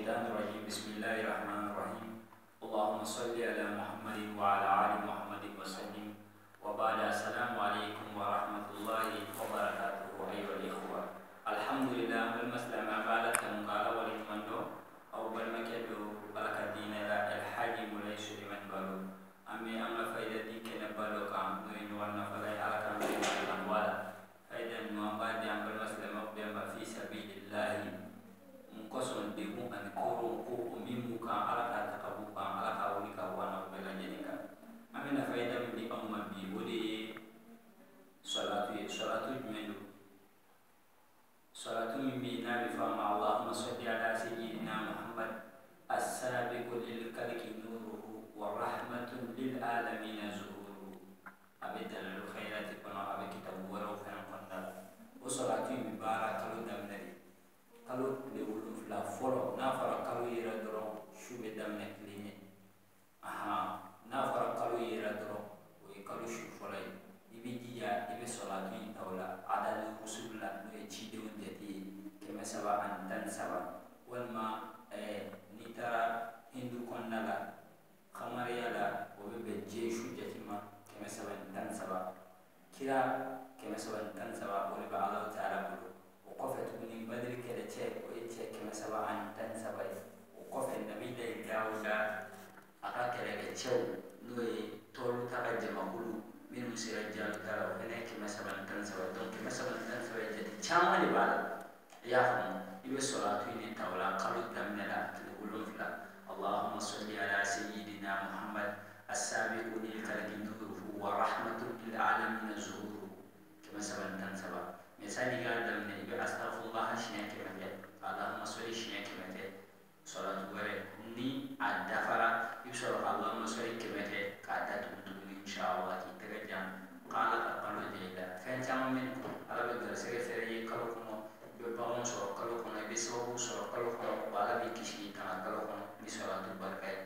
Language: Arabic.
الشيطان الرجيم بسم الله الرحمن الرحيم اللهم صل على محمد وعلى آل محمد وسلم وبعد السلام عليكم ورحمة الله وبركاته أيها الإخوة الحمد لله بالمسلم بعد تنقال دو أو بالمكدو بركة دين الحاج مليش لمن بلو أمي أمنا فايدة دين كنبالو كام أمنا بفهم اللهم صل على سيدنا محمد السابق للكلك نوره ورحمة للعالمين زهوره أبدا الخيرات كنا أبك تبورو فهم قندا وصلاة مبارك تلو دمنري تلو لولو فلا فلو نافر قلو يردرو شو بدمنك ليني أها نافر قلو يردرو ويقلو شو فلو i bɛ jija i bɛ sɔrɔ a tun taw la adali wusuw la n'o ye cidenw jate saba ani tan ni saba walima eh, n'i taara hindu kɔnɔna la kamariya la o bɛ bɛn jesu jate ma kɛmɛ saba ni tan saba kira kɛmɛ saba ni tan saba o de bɛ alaw taala bolo o kɔfɛ tuguni badiri cɛ, o ye cɛ kɛmɛ saba ani tan saba ye o kɔfɛ nabila ye da a ka cɛw n'o ye tɔɔrɔ ta ka jamakulu minnu sera Jalo ta la o fana ye kɛmɛ saba ni tan saba ye kɛmɛ saba ni tan saba ye jate caman de b'a la يغني إلى صلاة التولا قريبا من الأنفلا اللهم صل على سيدنا محمد السابق للكلم نوره ورحمة للعالمين زهوره كما سبن تنسبا مثالي قال من إبي أستغفر الله شنيك متى اللهم صل شنيك متى صلاة غير ني الدفرة يبصر الله disolatun berkait